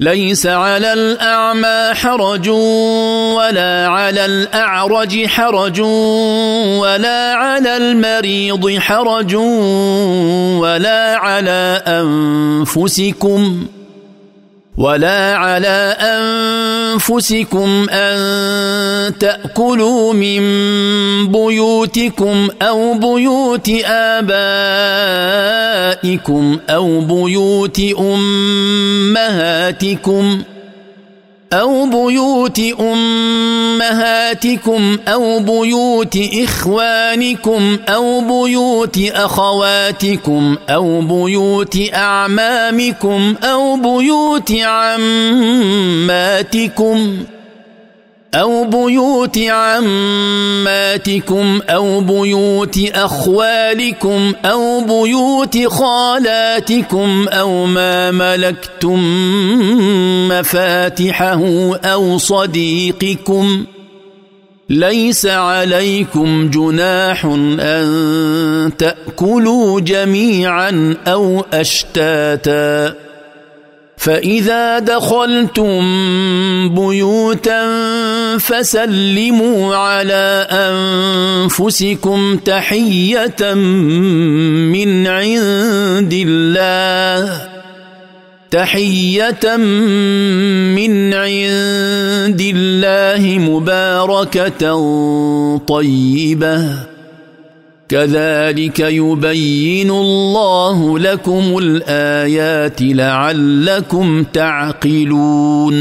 ليس على الأعمى حرج ولا على الأعرج حرج ولا على المريض حرج ولا على أنفسكم ولا على انفسكم ان تاكلوا من بيوتكم او بيوت ابائكم او بيوت امهاتكم او بيوت امهاتكم امهاتكم او بيوت اخوانكم او بيوت اخواتكم او بيوت اعمامكم او بيوت عماتكم أو بيوت عماتكم أو بيوت أخوالكم أو بيوت خالاتكم أو ما ملكتم مفاتحه أو صديقكم ۖ ليس عليكم جناح ان تاكلوا جميعا او اشتاتا فاذا دخلتم بيوتا فسلموا على انفسكم تحيه من عند الله تحيه من عند الله مباركه طيبه كذلك يبين الله لكم الايات لعلكم تعقلون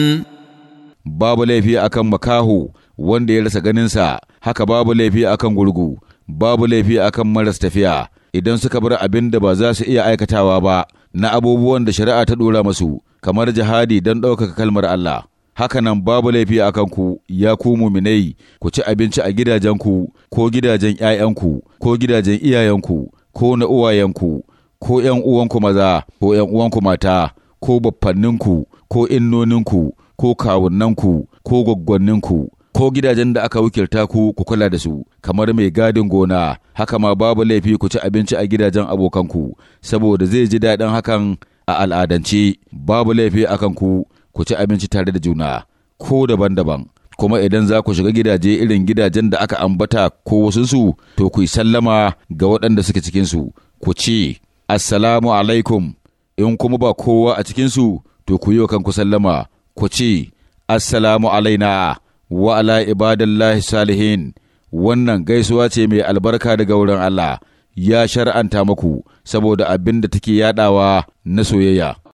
babu laifi akan makaho wanda ya rasa ganinsa haka babu laifi akan gurgu babu laifi akan maras tafiya idan suka bar abin da ba za su iya aikatawa ba na abubuwan da shari'a ta ɗora masu kamar jihadi don ɗaukaka kalmar Allah. Hakanan babu laifi a kanku ya ku muminai ku ci abinci a gidajenku ko gidajen ‘ya'yanku ko gidajen iyayenku ko na uwayenku ko ‘yan uwanku maza ko ‘yan uwanku mata ko baffanninku ko innoninku ko kawunnanku ko gwaggwanninku ko gidajen da aka wukilta ku ku kula da su kamar mai gadin gona haka ma babu laifi ku ci abinci a gidajen abokanku saboda zai ji daɗin hakan a al'adance babu laifi akan ku ku ci abinci tare da juna ko daban-daban kuma idan za ku shiga gidaje irin gidajen da aka ambata ko wasunsu to ku yi sallama ga waɗanda suke cikinsu ku ce assalamu alaikum in kuma ba kowa a cikinsu to ku yi wa kanku sallama ku ce assalamu alaina wa ala salihin wannan gaisuwa ce mai albarka daga wurin Allah ya shar'anta muku saboda abin da take yadawa na soyayya